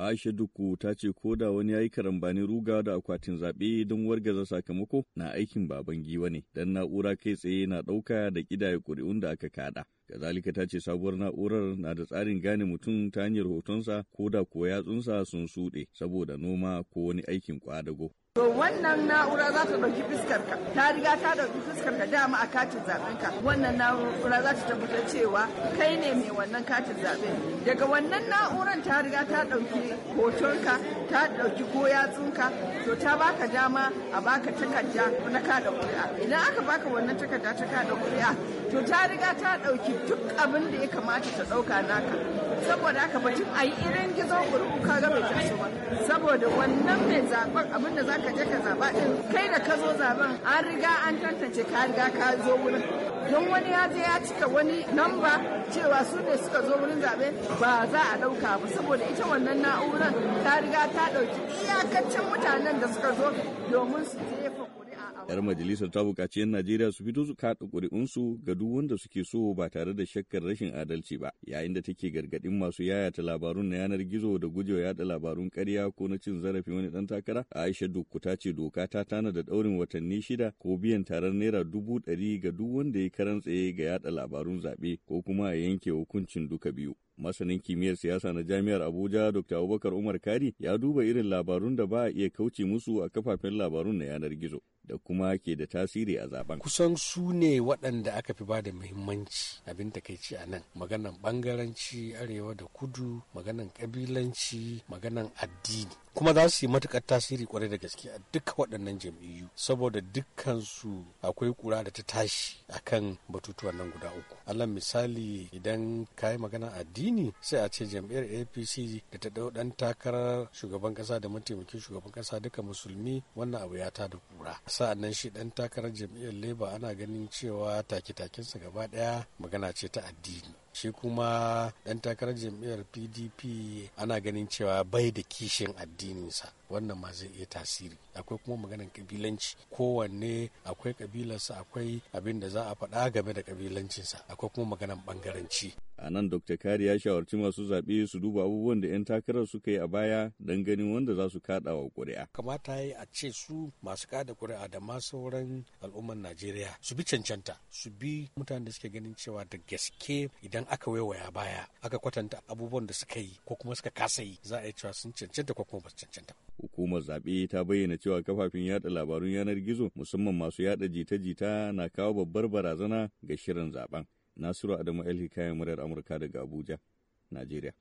Aisha Duku ta ce ko da wani ya yi karambani ruga da akwatin zaɓe don wargaza sakamako na aikin baban giwa ne, don na'ura kai tsaye na ɗauka da ƙidaya ƙuri'un da aka kaɗa. Kazalika ta ce sabuwar na'urar na da tsarin gane mutum ta hanyar hotonsa ko da kuwa yatsunsa sun suɗe saboda noma ko wani aikin kwadago. To wannan na'ura za ta ɗauki ka ta riga ta ɗauki ka dama a katin zaɓenka. Wannan na'ura za ta tabbatar cewa kai ne mai wannan katin zaɓen. Daga wannan na'uran ta riga ta ɗauki hotonka, ta ɗauki ko yatsunka, to ta baka dama a baka takarda na kada ƙuri'a. Idan aka baka wannan takarda ta kada ƙuri'a, to ta riga ta ɗauki duk abin da ya kamata ta ɗauka naka saboda haka ba a yi irin gizo gurgu ka ga bai ba saboda wannan mai zaben abin da zaka je ka zaba din kai da ka zo zaben an riga an tantance ka riga ka zo wurin don wani ya je ya cika wani namba cewa su ne suka zo wurin zaɓe ba za a ɗauka ba saboda ita wannan na'urar ta riga ta ɗauki iyakacin mutanen da suka zo domin su jefa 'Yar majalisar ta buƙaci 'yan Najeriya su fito su kaɗa ƙuri'unsu ga duk wanda suke so ba tare da shakkar rashin adalci ba, yayin da take gargaɗin masu yayata labarun na yanar gizo da gujewa yaɗa labarun karya ko na cin zarafin wani ɗan takara. Aisha Dukku ta ce doka ta tana da ɗaurin watanni shida ko biyan tarar naira dubu ɗari ga duk wanda ya tsaye ga yaɗa labarun zaɓe ko kuma a yanke hukuncin duka biyu. Masanin kimiyyar siyasa na Jami'ar Abuja Dr. Abubakar Umar Kari ya duba irin labarun da ba a iya kauce musu a kafafen labarun na yanar gizo da kuma ke da tasiri a zaben. Kusan su ne waɗanda aka fi bada muhimmanci abin da kai ci a nan. Maganan bangaranci arewa da kudu, maganan kabilanci, maganan addini. Kuma za su yi matukar tasiri kwarai da gaske a duka waɗannan jam'iyyu saboda dukkansu akwai kura da ta tashi akan batutuwan nan guda uku. Allah misali idan ka yi magana addini addini sai a ce jam'iyyar apc da ta ɗau ɗan takarar shugaban ƙasa da mataimakin shugaban ƙasa duka musulmi wannan abu ya ta da kura sa'annan nan shi ɗan takarar jam'iyyar labour ana ganin cewa take-takensa gaba ɗaya magana ce ta addini shi kuma dan takarar jam'iyyar pdp ana ganin cewa bai da kishin addininsa wannan ma zai iya tasiri akwai kuma maganar kabilanci kowanne akwai kabilarsa akwai abin da za a faɗa game da kabilancinsa akwai kuma maganar bangaranci a nan dr kari ya shawarci masu zaɓe su duba abubuwan da 'yan takarar suka yi a baya don ganin wanda za su kaɗa wa ƙuri'a kamata ya a ce su masu kada ƙuri'a da ma sauran al'ummar najeriya su bi cancanta su bi mutanen da suke ganin cewa da gaske idan aka waiwaya baya aka kwatanta abubuwan da suka yi ko kuma suka kasa yi za a yi cewa sun cancanta ko kuma ba su cancanta. Hukumar zaɓe ta bayyana cewa kafafen yada labarun yanar gizo musamman masu yada jita-jita na kawo babbar barazana ga shirin zaben. Nasiru Adamu El Hikaya murar Amurka daga Abuja, Najeriya.